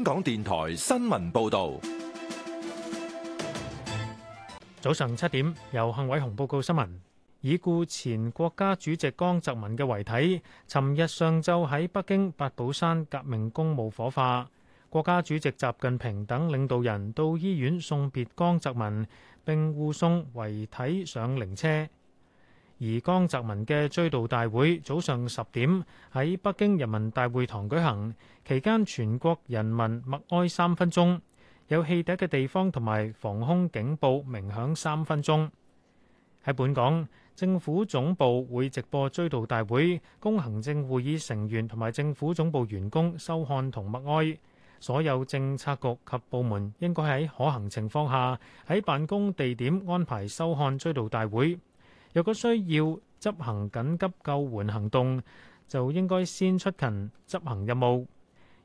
香港電台新聞報道：早上七點，由幸偉雄報告新聞。已故前國家主席江澤民嘅遺體，尋日上晝喺北京八寶山革命公墓火化。國家主席習近平等領導人到醫院送別江澤民，並護送遺體上靈車。而江澤民嘅追悼大會早上十點喺北京人民大會堂舉行，期間全國人民默哀三分鐘，有汽笛嘅地方同埋防空警報鳴響三分鐘。喺本港，政府總部會直播追悼大會，供行政會議成員同埋政府總部員工收看同默哀。所有政策局及部門應該喺可行情況下喺辦公地點安排收看追悼大會。若果需要執行緊急救援行動，就應該先出勤執行任務。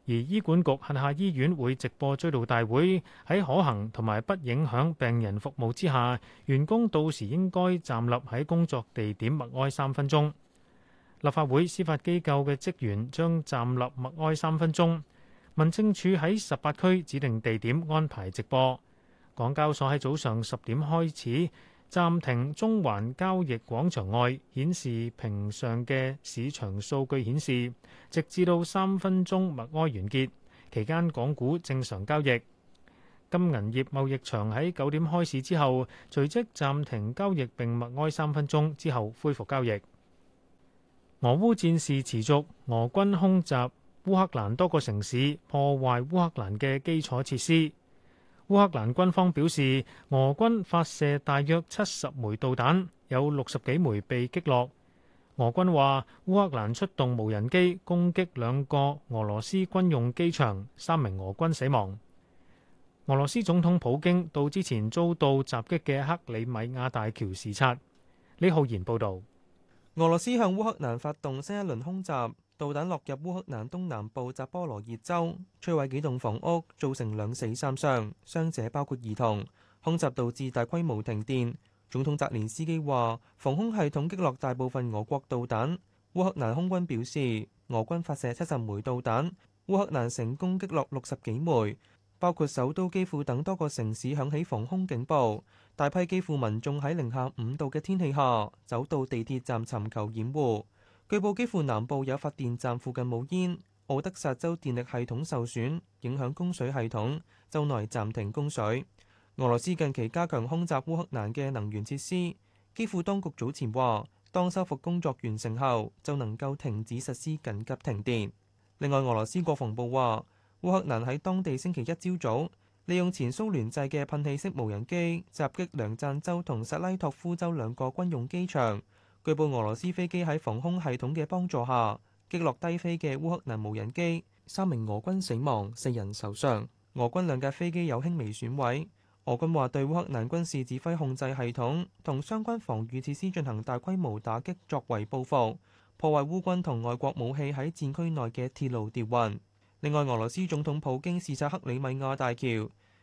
而醫管局轄下醫院會直播追悼大會，喺可行同埋不影響病人服務之下，員工到時應該站立喺工作地點默哀三分鐘。立法會司法機構嘅職員將站立默哀三分鐘。民政處喺十八區指定地點安排直播。港交所喺早上十點開始。暫停中環交易廣場外顯示屏上嘅市場數據顯示，直至到三分鐘默哀完結期間，港股正常交易。金銀業貿易場喺九點開市之後，隨即暫停交易並默哀三分鐘之後恢復交易。俄烏戰事持續，俄軍空襲烏克蘭多個城市，破壞烏克蘭嘅基礎設施。烏克蘭軍方表示，俄軍發射大約七十枚導彈，有六十幾枚被擊落。俄軍話，烏克蘭出動無人機攻擊兩個俄羅斯軍用機場，三名俄軍死亡。俄羅斯總統普京到之前遭到襲擊嘅克里米亞大橋視察。李浩然報道，俄羅斯向烏克蘭發動新一輪空襲。導彈落入烏克蘭東南部扎波羅熱州，摧毀幾棟房屋，造成兩死三傷，傷者包括兒童。空襲導致大規模停電。總統澤連斯基話：防空系統擊落大部分俄國導彈。烏克蘭空軍表示，俄軍發射七十枚導彈，烏克蘭成功擊落六十幾枚。包括首都基輔等多個城市響起防空警報，大批基輔民眾喺零下五度嘅天氣下，走到地鐵站尋求掩護。據報，基輔南部有發電站附近冒煙。奧德薩州電力系統受損，影響供水系統，州內暫停供水。俄羅斯近期加強空襲烏克蘭嘅能源設施。基輔當局早前話，當修復工作完成後，就能夠停止實施緊急停電。另外，俄羅斯國防部話，烏克蘭喺當地星期一朝早，利用前蘇聯製嘅噴氣式無人機襲擊梁贊州同薩拉托夫州兩個軍用機場。據報，俄羅斯飛機喺防空系統嘅幫助下擊落低飛嘅烏克蘭無人機，三名俄軍死亡，四人受傷。俄軍兩架飛機有輕微損毀。俄軍話對烏克蘭軍事指揮控制系統同相關防禦設施進行大規模打擊，作為報復，破壞烏軍同外國武器喺戰區內嘅鐵路調運。另外，俄羅斯總統普京視察克里米亞大橋，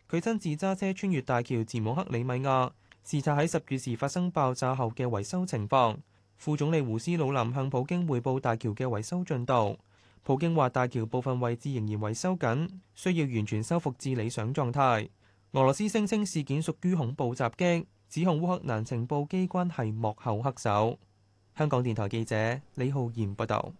佢親自揸車穿越大橋，前往克里米亞視察喺十月時發生爆炸後嘅維修情況。副總理胡斯魯林向普京匯報大橋嘅維修進度。普京話大橋部分位置仍然維修緊，需要完全修復至理想狀態。俄羅斯聲稱事件屬於恐怖襲擊，指控烏克蘭情報機關係幕後黑手。香港電台記者李浩然報道。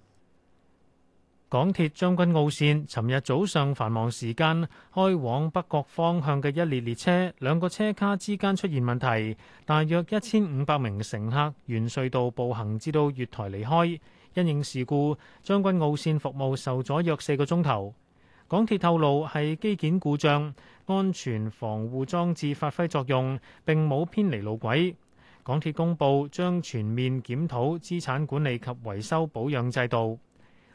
港鐵將軍澳線尋日早上繁忙時間開往北角方向嘅一列列車，兩個車卡之間出現問題，大約一千五百名乘客沿隧道步行至到月台離開。因應事故，將軍澳線服務受阻約四個鐘頭。港鐵透露係機件故障，安全防護裝置發揮作用，並冇偏離路軌。港鐵公佈將全面檢討資產管理及維修保養制度。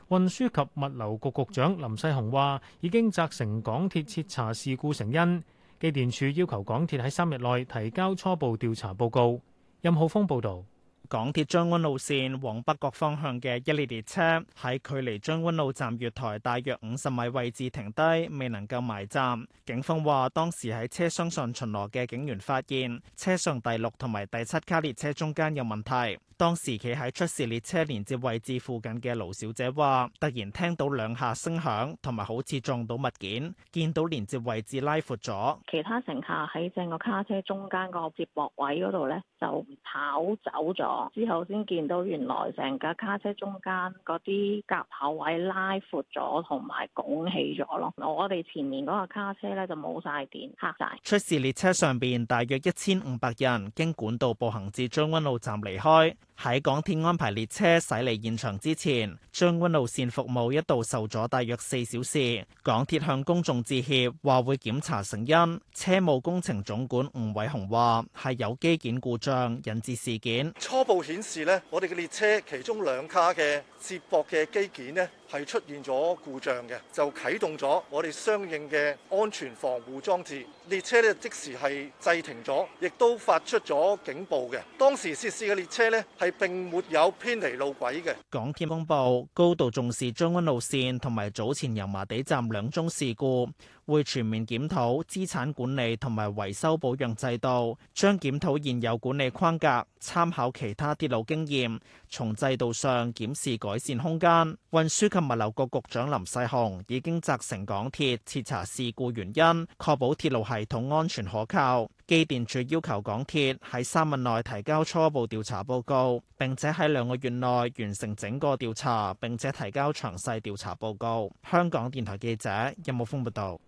運輸及物流局局長林世雄話：已經責成港鐵徹查事故成因。機電處要求港鐵喺三日內提交初步調查報告。任浩峰報導。港鐵將軍澳線往北角方向嘅一列列車喺距離將軍澳站月台大約五十米位置停低，未能夠埋站。警方話，當時喺車廂上巡邏嘅警員發現車上第六同埋第七卡列車中間有問題。當時企喺出事列車連接位置附近嘅盧小姐話，突然聽到兩下聲響，同埋好似撞到物件，見到連接位置拉闊咗。其他乘客喺正個卡車中間個接駁位嗰度咧，就跑走咗。之後先見到原來成架卡車中間嗰啲夾口位拉闊咗，同埋拱起咗咯。我哋前面嗰個卡車咧就冇晒電，黑晒。出事列車上邊大約一千五百人經管道步行至將軍澳站離開。喺港鐵安排列車駛離現場之前，將軍澳路線服務一度受阻大約四小時。港鐵向公眾致歉，話會檢查成因。車務工程總管吳偉雄話，係有機件故障引致事件。初步顯示呢我哋嘅列車其中兩卡嘅接駁嘅機件呢。係出現咗故障嘅，就啟動咗我哋相應嘅安全防護裝置，列車呢，即時係制停咗，亦都發出咗警報嘅。當時涉事嘅列車呢，係並沒有偏離路軌嘅。港鐵公布高度重視將軍路線同埋早前油麻地站兩宗事故。會全面檢討資產管理同埋維修保養制度，將檢討現有管理框架，參考其他鐵路經驗，從制度上檢視改善空間。運輸及物流局局長林世雄已經責成港鐵徹查事故原因，確保鐵路系統安全可靠。機電署要求港鐵喺三日內提交初步調查報告，並且喺兩個月內完成整個調查，並且提交詳細調查報告。香港電台記者任武峰報道。有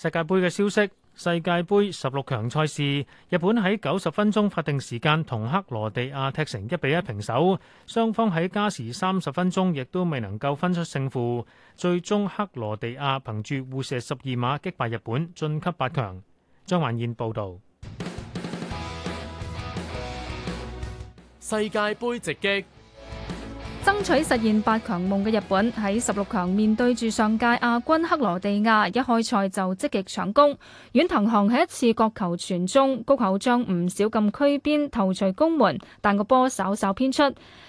世界盃嘅消息，世界盃十六強賽事，日本喺九十分鐘法定時間同克羅地亞踢成一比一平手，雙方喺加時三十分鐘亦都未能夠分出勝負，最終克羅地亞憑住互射十二碼擊敗日本，晉級八強。張環燕報道。世界盃直擊。爭取實現八強夢嘅日本喺十六強面對住上屆亞軍克羅地亞，一開賽就積極搶攻。遠藤航喺一次角球傳中，高球將唔少禁區邊頭槌攻門，但個波稍稍偏出。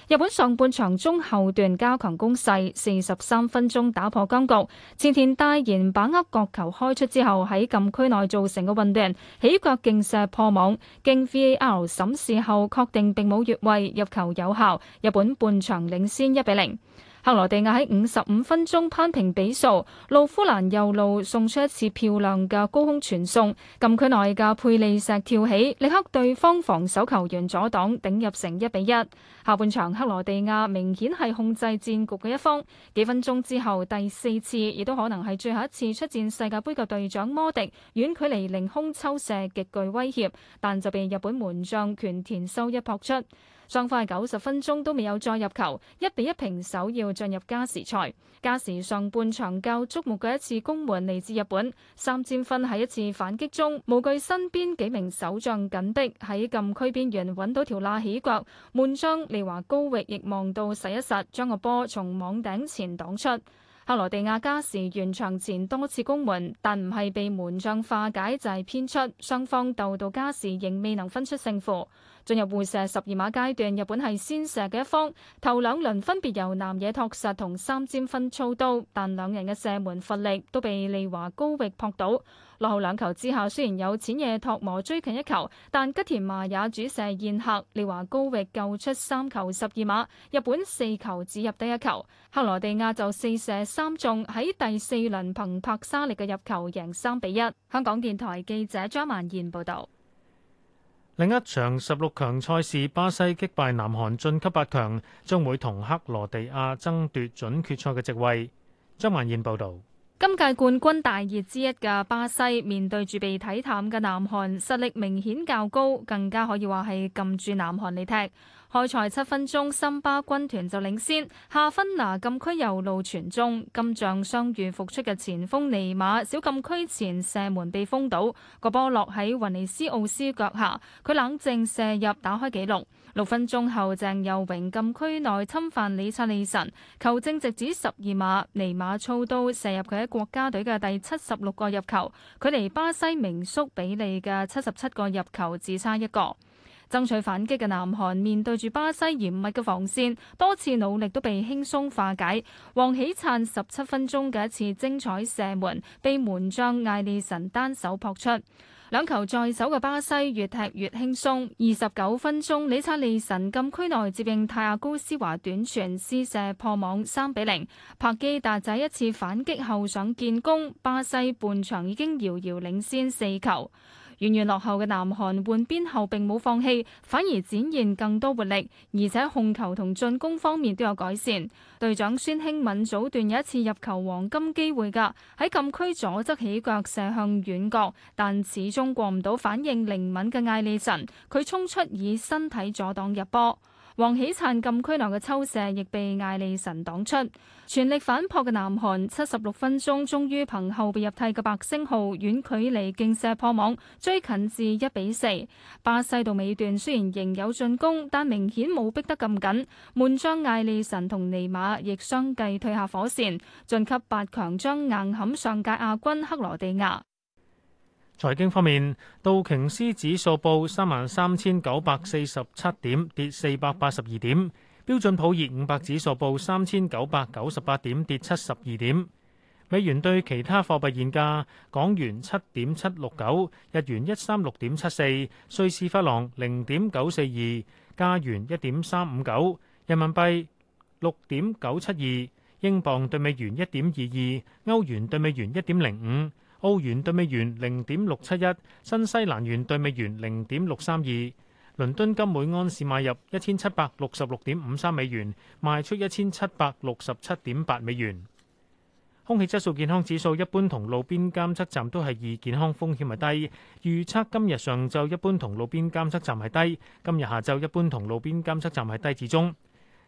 日本上半場中後段加強攻勢，四十三分鐘打破僵局。前田大然把握角球開出之後喺禁區內造成嘅混亂，起腳勁射破網，經 VAR 審視後確定並冇越位，入球有效。日本半場領。1 先一比零，克羅地亞喺五十五分鐘攀平比數，路夫蘭右路送出一次漂亮嘅高空傳送，禁區內嘅佩利石跳起，立刻對方防守球員阻擋，頂入成一比一。下半場克羅地亞明顯係控制戰局嘅一方，幾分鐘之後第四次，亦都可能係最後一次出戰世界盃嘅隊長摩迪，遠距離凌空抽射極具威脅，但就被日本門將權田修一撲出。雙方九十分鐘都未有再入球，一比一平手，要進入加時賽。加時上半場較觸目嘅一次攻門嚟自日本三尖分，喺一次反擊中，無懼身邊幾名守將緊逼，喺禁區邊緣揾到條罅起腳，門將利華高域亦望到實一實，將個波從網頂前擋出。克羅地亞加時完場前多次攻門，但唔係被門將化解就係偏出，雙方鬥到加時仍未能分出勝負。進入互射十二碼階段，日本係先射嘅一方，頭兩輪分別由南野拓實同三笘薰操刀，但兩人嘅射門乏力，都被利華高域撲倒。落後兩球之下，雖然有淺野拓磨追近一球，但吉田麻也主射宴客，利華高域救出三球十二碼，日本四球只入得一球。克羅地亞就四射三中，喺第四輪憑柏沙力嘅入球贏三比一。香港電台記者張曼燕報道。另一場十六強賽事，巴西擊敗南韓晉級八強，將會同克羅地亞爭奪準決賽嘅席位。張萬燕報導。今季冠軍大業之一的巴西面對着被睇坦的南韓，實力明顯較高，更加可以說是按住南韓離聘。開才七分鐘，辛巴軍團就領先，下芬拿按驅游路船中，按將相遇服出的前封利馬，小按驅前射門被封到，個波洛在滾利斯奧斯課下，他冷靜射入打開幾隆。六分鐘後，鄭佑榮禁區內侵犯李察利臣，球證直指十二碼，尼馬操刀射入佢喺國家隊嘅第七十六個入球，距離巴西名宿比利嘅七十七個入球只差一個。爭取反擊嘅南韓面對住巴西嚴密嘅防線，多次努力都被輕鬆化解。黃喜燦十七分鐘嘅一次精彩射門，被門將艾利臣單手撲出。兩球在手嘅巴西越踢越輕鬆。二十九分鐘，里察利神，禁區內接應泰亞高斯華短傳施射破網，三比零。帕基達仔一次反擊後上建功，巴西半場已經遙遙領先四球。遠遠落後嘅南韓換邊後，並冇放棄，反而展現更多活力，而且控球同進攻方面都有改善。隊長孫興敏早段有一次入球黃金機會㗎，喺禁區左側起腳射向遠角，但始終過唔到反應靈敏嘅艾利臣，佢衝出以身體阻擋入波。王喜燦禁區內嘅抽射亦被艾利臣擋出，全力反撲嘅南韓七十六分鐘終於憑後備入替嘅白星號遠距離勁射破網，追近至一比四。巴西到尾段雖然仍有進攻，但明顯冇逼得咁緊，門將艾利臣同尼馬亦相繼退下火線，晉級八強將硬撼上屆亞軍克羅地亞。財經方面，道瓊斯指數報三萬三千九百四十七點，跌四百八十二點；標準普爾五百指數報三千九百九十八點，跌七十二點。美元對其他貨幣現價：港元七點七六九，日元一三六點七四，瑞士法郎零點九四二，加元一點三五九，人民幣六點九七二，英鎊對美元一點二二，歐元對美元一點零五。澳元對美元零點六七一，新西蘭元對美元零點六三二。倫敦金每安士買入一千七百六十六點五三美元，賣出一千七百六十七點八美元。空氣質素健康指數一般同路邊監測站都係二，健康風險係低，預測今日上晝一般同路邊監測站係低，今日下晝一般同路邊監測站係低至中。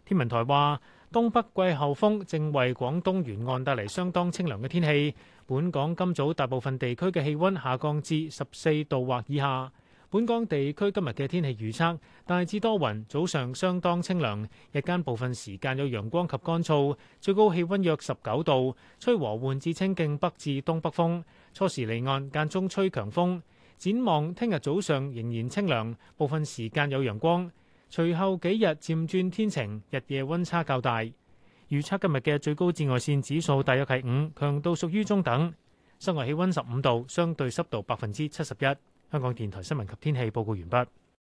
天文台話。東北季候風正為廣東沿岸帶嚟相當清涼嘅天氣，本港今早大部分地區嘅氣溫下降至十四度或以下。本港地區今日嘅天氣預測大致多雲，早上相當清涼，日間部分時間有陽光及乾燥，最高氣溫約十九度，吹和緩至清勁北至東北風，初時離岸，間中吹強風。展望聽日早上仍然清涼，部分時間有陽光。隨後幾日漸轉天晴，日夜溫差較大。預測今日嘅最高紫外線指數大約係五，強度屬於中等。室外氣溫十五度，相對濕度百分之七十一。香港電台新聞及天氣報告完畢。